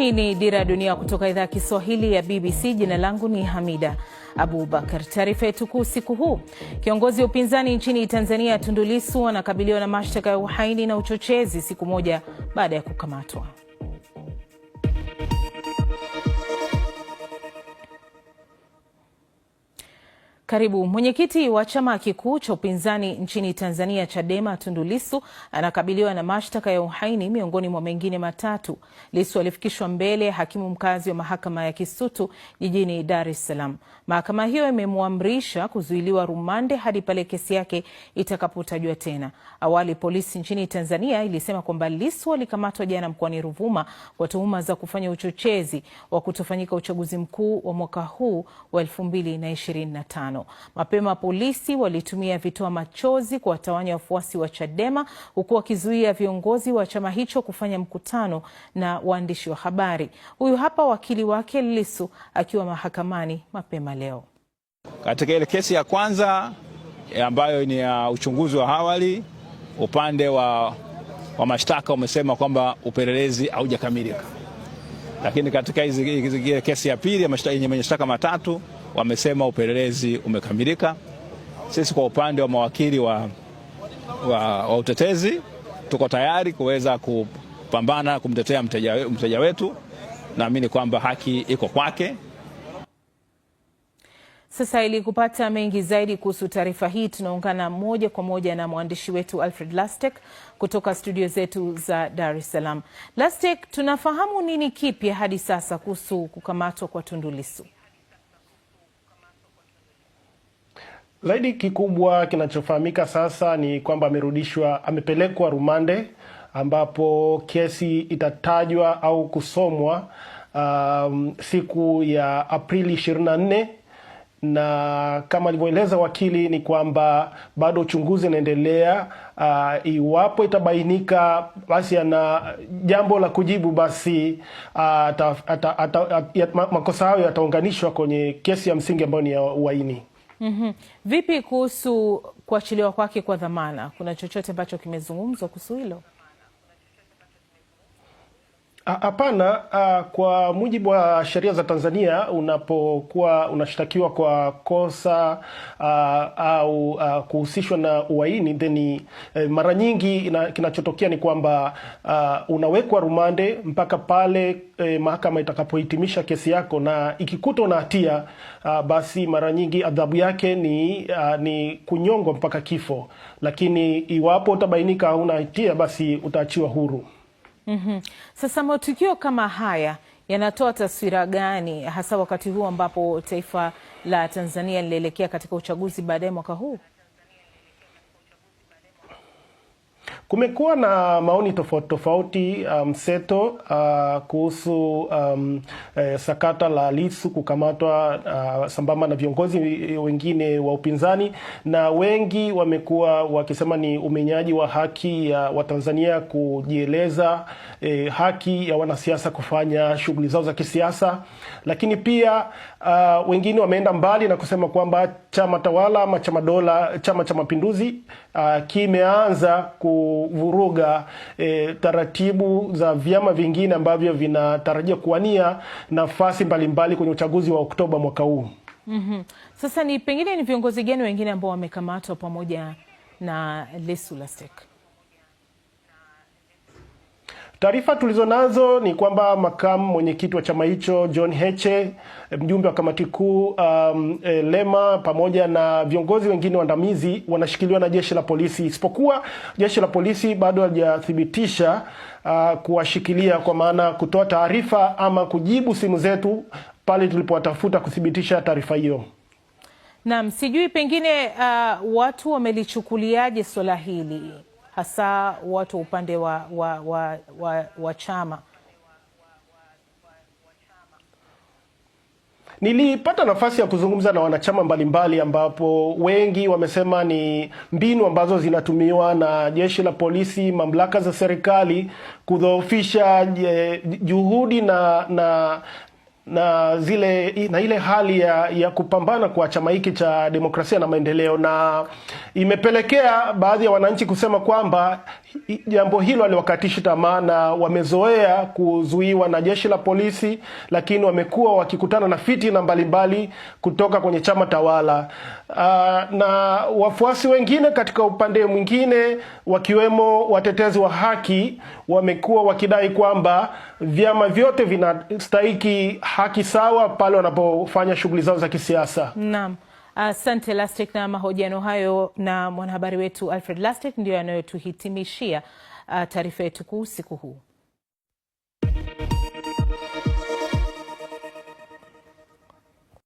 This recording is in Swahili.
Hii ni Dira ya Dunia kutoka idhaa ya Kiswahili ya BBC. Jina langu ni Hamida Abubakar. Taarifa yetu kuu siku huu: kiongozi wa upinzani nchini Tanzania Tundu Lissu anakabiliwa na mashtaka ya uhaini na uchochezi siku moja baada ya kukamatwa. Karibu. Mwenyekiti wa chama kikuu cha upinzani nchini Tanzania Chadema, Tundu Lissu anakabiliwa na mashtaka ya uhaini miongoni mwa mengine matatu. Lissu alifikishwa mbele ya hakimu mkazi wa mahakama ya Kisutu jijini Dar es Salaam. Mahakama hiyo imemwamrisha kuzuiliwa rumande hadi pale kesi yake itakapotajwa tena. Awali polisi nchini Tanzania ilisema kwamba Lissu alikamatwa jana mkoani Ruvuma kwa tuhuma za kufanya uchochezi wa kutofanyika uchaguzi mkuu wa mwaka huu wa 2025 maandamano. Mapema polisi walitumia vitoa machozi kuwatawanya wafuasi wa Chadema huku wakizuia viongozi wa chama hicho kufanya mkutano na waandishi wa habari. Huyu hapa wakili wake lisu akiwa mahakamani mapema leo. Katika ile kesi ya kwanza eh, ambayo ni ya uchunguzi wa awali, upande wa, wa mashtaka umesema kwamba upelelezi haujakamilika, lakini katika hizi kesi ya pili yenye mashtaka matatu wamesema upelelezi umekamilika. Sisi kwa upande wa mawakili wa, wa, wa utetezi tuko tayari kuweza kupambana kumtetea mteja, mteja wetu. Naamini kwamba haki iko kwake. Sasa ili kupata mengi zaidi kuhusu taarifa hii, tunaungana moja kwa moja na mwandishi wetu Alfred Lastek kutoka studio zetu za Dar es Salaam. Lastek, tunafahamu nini kipya hadi sasa kuhusu kukamatwa kwa Tundu Lissu? Zaidi kikubwa kinachofahamika sasa ni kwamba amerudishwa, amepelekwa rumande ambapo kesi itatajwa au kusomwa um, siku ya Aprili 24 na kama alivyoeleza wakili ni kwamba bado uchunguzi unaendelea. Uh, iwapo itabainika basi ana jambo la kujibu, basi uh, makosa hayo yataunganishwa kwenye kesi ya msingi ambayo ni ya uhaini. Mm -hmm. Vipi kuhusu kuachiliwa kwake kwa dhamana? Kuna chochote ambacho kimezungumzwa kuhusu hilo? Ah, hapana. Ah, kwa mujibu wa sheria za Tanzania, unapokuwa unashtakiwa kwa kosa uh, au uh, kuhusishwa na uhaini then uh, mara nyingi kinachotokea ni kwamba unawekwa rumande mpaka pale uh, mahakama itakapohitimisha kesi yako, na ikikuta una hatia basi mara nyingi adhabu yake ni, uh, ni kunyongwa mpaka kifo, lakini iwapo utabainika hauna hatia basi utaachiwa huru. Mm -hmm. Sasa matukio kama haya yanatoa taswira gani hasa wakati huu ambapo taifa la Tanzania linaelekea katika uchaguzi baadaye mwaka huu? Kumekuwa na maoni tofauti tofauti mseto um, uh, kuhusu um, eh, sakata la Lissu kukamatwa uh, sambamba na viongozi wengine wa upinzani, na wengi wamekuwa wakisema ni umenyaji wa haki ya Watanzania kujieleza, eh, haki ya wanasiasa kufanya shughuli zao za kisiasa, lakini pia uh, wengine wameenda mbali na kusema kwamba chama tawala ama chama dola, Chama cha Mapinduzi uh, kimeanza ku kuvuruga e, taratibu za vyama vingine ambavyo vinatarajia kuwania nafasi mbalimbali kwenye uchaguzi wa Oktoba mwaka huu. Mm -hmm. Sasa ni pengine ni viongozi gani wengine ambao wamekamatwa pamoja na Lissu Taarifa tulizo nazo ni kwamba makamu mwenyekiti wa chama hicho John Heche, mjumbe wa kamati kuu um, eh, Lema pamoja na viongozi wengine waandamizi wanashikiliwa na jeshi la polisi, isipokuwa jeshi la polisi bado halijathibitisha uh, kuwashikilia kwa maana kutoa taarifa ama kujibu simu zetu pale tulipowatafuta kuthibitisha taarifa hiyo. Naam, sijui pengine uh, watu wamelichukuliaje swala hili hasa watu upande wa, wa, wa, wa, wa chama. Nilipata nafasi ya kuzungumza na wanachama mbalimbali, ambapo wengi wamesema ni mbinu ambazo zinatumiwa na jeshi la polisi, mamlaka za serikali kudhoofisha eh, juhudi na, na na zile na ile hali ya, ya kupambana kwa chama hiki cha demokrasia na maendeleo, na imepelekea baadhi ya wananchi kusema kwamba jambo hilo aliwakatishi tamaa, na wamezoea kuzuiwa na jeshi la polisi, lakini wamekuwa wakikutana na fitina mbalimbali kutoka kwenye chama tawala. Uh, na wafuasi wengine katika upande mwingine, wakiwemo watetezi wa haki, wamekuwa wakidai kwamba vyama vyote vinastahiki haki sawa pale wanapofanya shughuli zao za kisiasa. Naam. Asante uh, Lastic, na mahojiano hayo na mwanahabari wetu Alfred Lastic ndio yanayotuhitimishia uh, taarifa yetu kuu usiku huu.